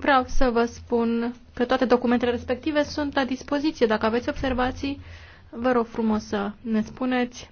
Vreau să vă spun că toate documentele respective sunt la dispoziție. Dacă aveți observații, vă rog frumos să ne spuneți.